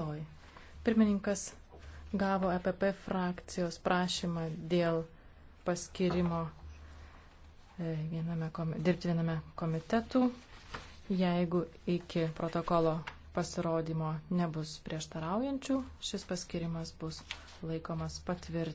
Toj. Pirmininkas gavo EPP frakcijos prašymą dėl paskirimo e, viename, dirbti viename komitetų. Jeigu iki protokolo pasirodymo nebus prieštaraujančių, šis paskirimas bus laikomas patvirtinti.